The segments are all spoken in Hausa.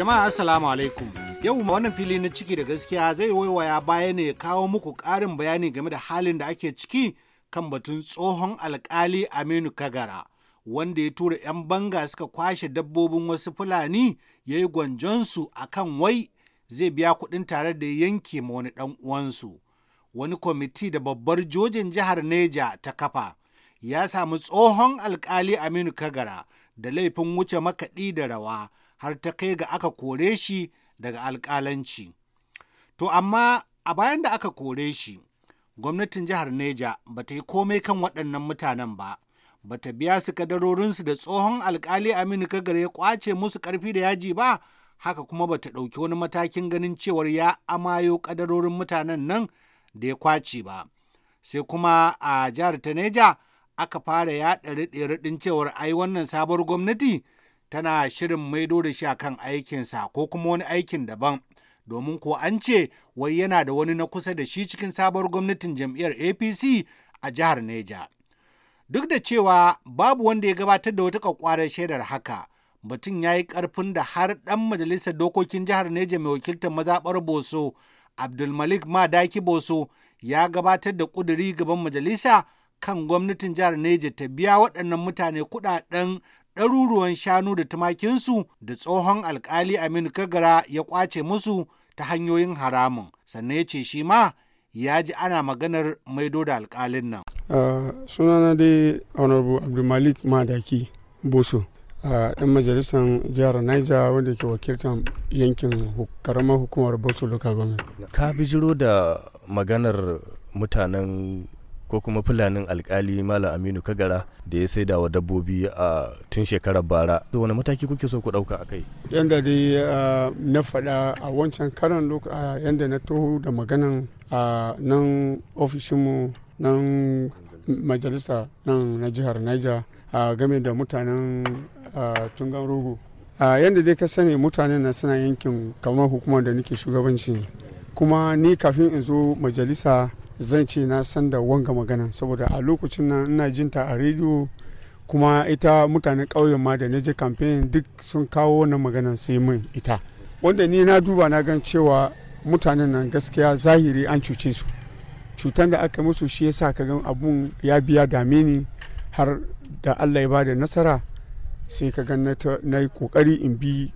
Jama'a Assalamu alaikum. Yau ma wannan fili na ciki da gaskiya zai waiwaya baya ne ya kawo muku ƙarin bayani game da halin da ake ciki kan batun tsohon alkali Aminu Kagara. Wanda ya tura 'yan banga suka kwashe dabbobin wasu Fulani ya yi gwanjonsu a kan wai zai biya kuɗin tare da yanke ma wani ɗan uwansu. Wani kwamiti da babbar jojin jihar Neja ta kafa ya samu tsohon alkali Aminu Kagara da laifin wuce makaɗi da rawa har ta kai ga aka kore shi daga alƙalanci. To amma a bayan da aka kore shi, gwamnatin jihar Neja ba ta yi komai kan waɗannan mutanen ba, ba ta biya su kadarorinsu da tsohon alkali Aminu Kagare ya kwace musu ƙarfi da yaji ba, haka kuma ba ta ɗauki wani matakin ganin cewar ya amayo kadarorin mutanen nan da ya kwace ba. Sai kuma a jihar ta Neja aka fara yaɗa riɗe-riɗin cewar ai wannan sabuwar gwamnati tana shirin maido da shi kan aikinsa ko kuma wani aikin daban domin ko an ce wai yana da wani na kusa da shi cikin sabuwar gwamnatin jam'iyyar apc a jihar neja duk da cewa babu wanda ya gabatar da wata kwakwarar shaidar haka mutum ya yi karfin da har dan majalisar dokokin jihar neja mai wakiltar mazabar boso abdulmalik madaki boso ya gabatar da kuduri gaban majalisa kan gwamnatin jihar neja ta biya waɗannan mutane kuɗaɗen ɗaruruwan shanu da tumakinsu da tsohon alkali Aminu Kagara ya kwace musu ta hanyoyin haramun sannan ya ce shi ma ya ji ana maganar maido da alkalin nan. sunana dai honorable abdulmalik madaki boso ɗan majalisar jihar niger wanda ke wakiltar yankin karamar hukumar boso local government ka bijiro da maganar mutanen ko kuma fulanin alkali malam aminu kagara da ya saida wa dabbobi a tun shekarar bara to wani mataki kuke so ku dauka akai yanda dai na faɗa a wancan karan lokaci yanda na toho da maganan a nan ofishinmu nan majalisa nan na jihar niger game da mutanen tungan rogo yadda dai ka sani mutanen na suna yankin kamar hukumar da nake shugabanci kuma ni kafin in zo majalisa zan ce na san da wanga magana saboda a lokacin nan ina jin ta a rediyo kuma ita mutanen ƙauyen ma da na je kamfen duk sun kawo wannan magana sai min ita wanda ni na duba na gan cewa mutanen nan gaskiya zahiri an cuce su cutan da aka musu shi yasa ka gan abun ya biya dame ni har da allah ya ba da nasara sai ka gan na yi kokari in bi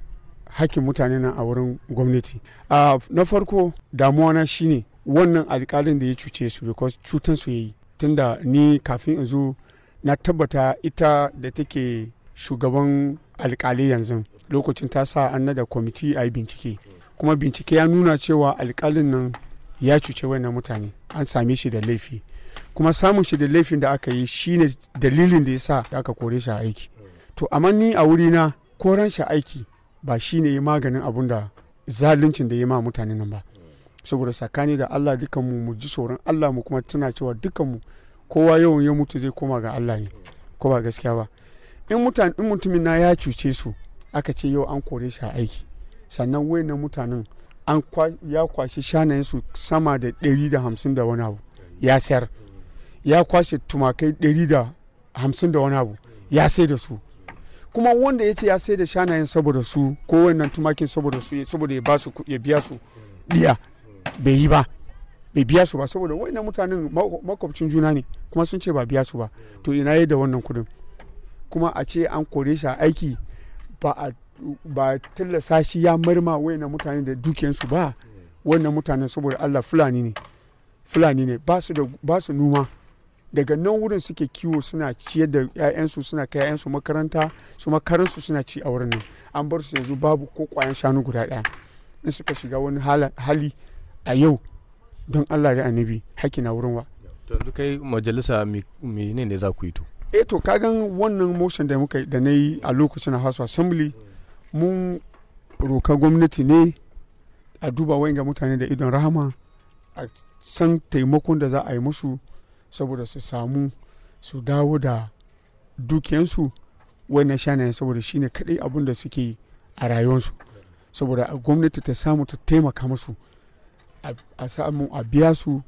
hakkin mutane nan a wurin gwamnati ah, na farko damuwa na shine wannan alkalin da ya cuce su because cutan su yayi tunda ni kafin in zo na tabbata ita da take shugaban alkali yanzu lokacin ta sa an da kwamiti a yi bincike kuma bincike ya nuna cewa alkalin nan ya cuce wannan mutane an same shi da laifi kuma samun shi da laifin da aka yi shine dalilin da ya sa aka kore shi a aiki to amma ni a wuri na koran shi aiki ba shine maganin abun da zaluncin da ya ma mutane nan ba saboda sakani da Allah dukanmu mu ji tsoron Allah mu kuma tuna cewa dukanmu kowa yawan ya mutu zai koma ga Allah ne ko ba gaskiya ba in mutane in mutumin na ya cuce su aka ce yau an kore shi a aiki sannan na mutanen an ya kwashi shanayen su sama da ɗari da hamsin da wani abu ya sayar ya kwashe tumakai ɗari da hamsin da wani abu ya sai da su kuma wanda ya ce ya sai da shanayen saboda su ko wannan tumakin saboda su saboda ya biya su diya bai yi ba bai biya su ba saboda wani mutanen makwabcin juna ne kuma sun ce ba biya su ba to ina yi da wannan kudin kuma a ce an kore shi a aiki ba a ba tallasa shi ya marma wayannan mutane da dukiyansu ba wannan mutanen saboda Allah fulani ne fulani ne ba su numa daga nan wurin suke kiwo suna ciyar da 'ya'yansu suna kai 'ya'yansu makaranta su makaransu suna ci a wurin nan an bar su yanzu babu ko kwayan shanu guda ɗaya in suka shiga wani hali a yau don Allah da annabi haƙi na wurin wa to yanzu kai majalisa menene ne za ku yi to eh to kagan wannan motion da muka da na yi a lokacin House Assembly mun roka gwamnati ne a duba wa'inga mutane da idon rahama a san taimakon da za a yi musu saboda su samu su dawo da dukiyansu wannan shanaye saboda shine kaɗai abin da suke a rayuwarsu saboda gwamnati ta samu ta taimaka musu a samu a biya su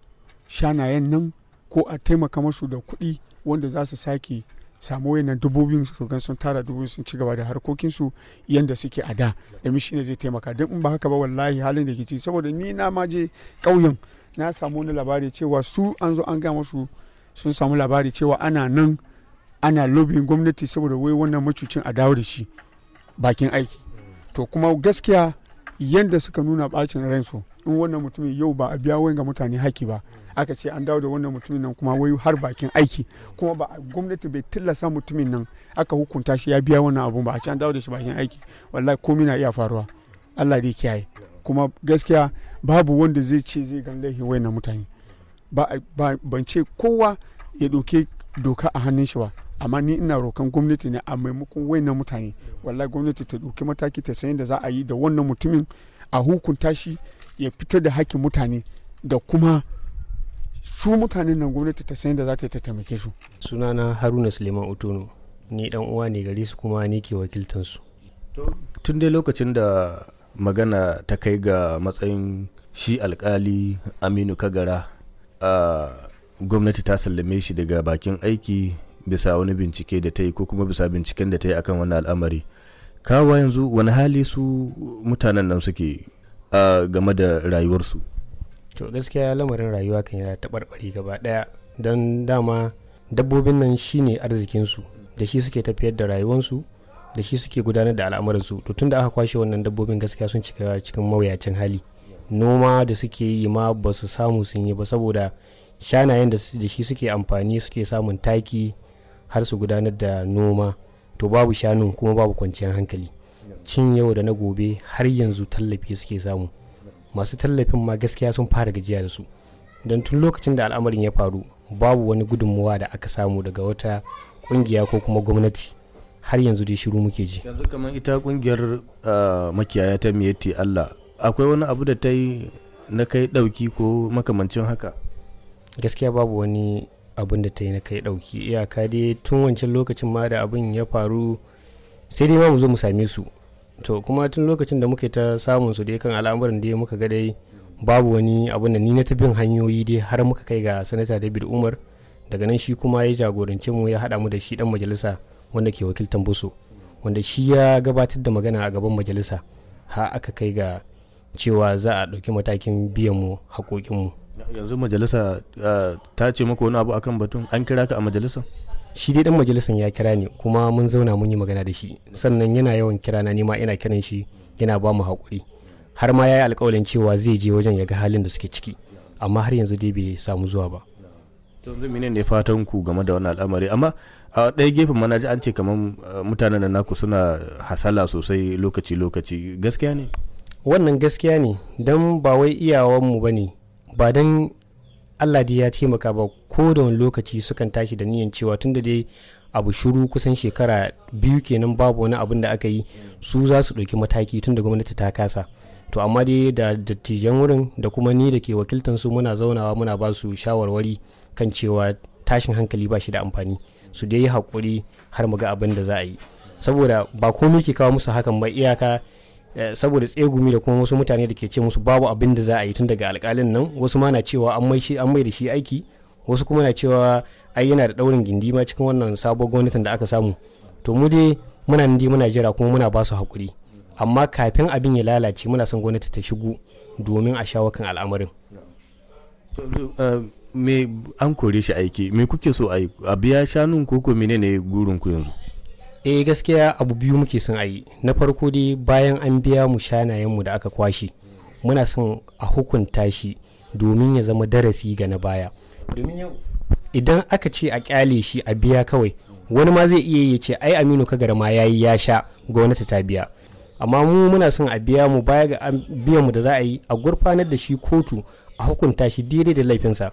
shanayen nan ko a taimaka masu da kuɗi wanda za su sake samu wayannan dubobin su gan sun tara dubobin sun ci gaba da harkokinsu yanda suke a da domin ne zai taimaka don in ba haka ba wallahi halin da ke ci saboda ni na ma je ƙauyen na samu wani labari cewa su an zo an ga masu sun samu labari cewa ana nan ana lobin gwamnati saboda wai wannan macucin a dawo da shi bakin aiki to kuma gaskiya yanda suka nuna bacin ransu in wannan mutumin yau ba a biya wayan ga mutane haki ba aka ce an dawo da wannan mutumin nan kuma wai har bakin aiki kuma ba gwamnati bai tilasa mutumin nan aka hukunta shi ya biya wannan abun ba a ce an dawo da shi bakin aiki wallahi komai na iya faruwa Allah dai kiyaye kuma gaskiya babu wanda zai ce zai gan Wai na mutane ba ban ce kowa ya doke doka a hannun shi ba amma ni ina rokan gwamnati ne a maimakon wayannan mutane wallahi gwamnati ta doki mataki ta san da za a yi da wannan mutumin a hukunta shi ya fitar da hakkin mutane da kuma su mutanen nan gwamnati ta san da za ta taimake su sunana haruna suleiman otono ni dan uwa ne gare su kuma ni ke su. tun dai lokacin da magana ta kai ga matsayin shi alkali aminu kagara a gwamnati ta sallame shi daga bakin aiki bisa wani bincike da ta yi ko kuma bisa binciken da ta yi akan wani al'amari kawo yanzu wani hali su mutanen nan suke game da rayuwarsu to gaskiya lamarin rayuwa kan yana taɓarɓari gaba ɗaya don dama dabbobin nan shine arzikinsu da shi suke tafiyar da rayuwarsu da shi suke gudanar da al'amuransu to tun aka kwashe wannan dabbobin gaskiya sun cika cikin mawuyacin hali noma da suke yi ma ba su samu sun yi ba saboda shanayen da shi suke amfani suke samun taki har su gudanar da noma to babu shanu kuma babu kwanciyar hankali cin yau da na gobe har yanzu tallafi suke samu masu tallafin ma gaskiya sun fara gajiya da su don tun lokacin da al'amarin ya faru babu wani gudunmuwa da aka samu daga wata kungiya ko kuma gwamnati har yanzu dai shiru muke ji yanzu kamar ita kungiyar ah, makiyaya ta miyatti allah akwai wani abu da ta yi na kai dauki ko makamancin haka gaskiya babu wani abin da ta yi na kai dauki iyaka dai tun wancan lokacin ma da abin ya faru sai dai ma mu zo mu same su to kuma tun lokacin da muke ta samun su dai kan al'amuran da muka ga dai babu wani abin da ni na ta bin hanyoyi dai har muka kai ga sanata david umar daga nan shi kuma ya jagorance mu ya haɗa mu da shi dan majalisa wanda ke wakiltan buso wanda shi ya gabatar da magana a gaban majalisa ha aka kai ga cewa za a ɗauki matakin biyan mu haƙoƙinmu yanzu majalisa eh, ta ce muku wani abu akan batun an kira ka a majalisa shi dai dan majalisan ya kira ni kuma mun zauna mun yi magana da shi sannan yana yawan kira na nima ina kiran shi yana ba mu haƙuri har ma ya yi alƙawalin cewa zai je wajen ya ga halin da suke ciki amma har yanzu dai bai samu zuwa ba yanzu mene ne fatan ku game da wannan al'amari amma a ɗaya gefen mana an ce kamar mutanen da naku suna hasala sosai lokaci lokaci gaskiya ne wannan gaskiya ne don ba wai iyawanmu ba ne ba don Allah dai ya taimaka ba ko da wani lokaci sukan tashi da niyan cewa tun da dai abu shuru kusan shekara biyu kenan babu wani abin da aka yi su za su ɗauki mataki tun da gwamnati ta kasa to amma dai da dattijan wurin da kuma ni da ke wakiltan su muna zaunawa muna ba su shawarwari kan cewa tashin hankali ba shi da amfani su dai yi haƙuri har mu ga abin da za a yi saboda ba komai ke kawo musu hakan ba iyaka Eh, saboda tsegumi da kuma wasu mutane da ke ce musu babu abin da za a yi tun daga alkalin nan wasu ma na cewa an mai da shi aiki wasu kuma na cewa ai yana da daurin gindi ma cikin wannan sabon gwamnatin da aka samu to mu dai muna nan dai muna jira kuma muna ba su hakuri amma kafin abin ya lalace muna son gwamnati ta shigo domin a shawo kan al'amarin eh, me an kore shi aiki me kuke so a biya shanun koko menene gurin ku yanzu eh gaskiya abu biyu muke son a yi na farko dai bayan an biya mu mu da aka kwashe muna son a hukunta shi domin ya zama darasi ga na baya idan aka ce a kyale shi a biya kawai wani ma zai iya ya ce ai aminu ka ma ya yi ya sha gwamnati ta biya amma mu muna son a biya mu baya ga biyan mu da za a yi a gurfanar da shi kotu a hukunta shi daidai da laifinsa.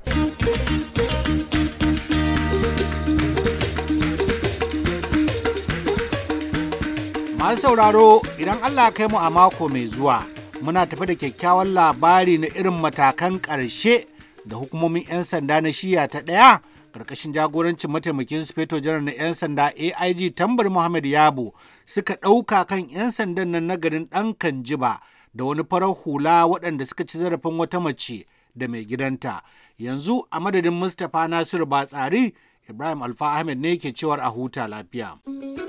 Masu sauraro idan Allah kai mu a mako mai zuwa muna tafi da kyakkyawan labari na irin matakan ƙarshe da hukumomin 'yan sanda na shiya ta ɗaya ƙarƙashin jagorancin mataimakin sufeto janar na 'yan sanda AIG tambar Muhammad Yabo suka ɗauka kan 'yan sandan nan na garin ɗan Kanjiba da wani farar hula waɗanda suka ci zarafin wata mace da mai gidanta. Yanzu a madadin Mustapha Nasiru Batsari, Ibrahim Alfa Ahmed ne ke cewar a huta lafiya.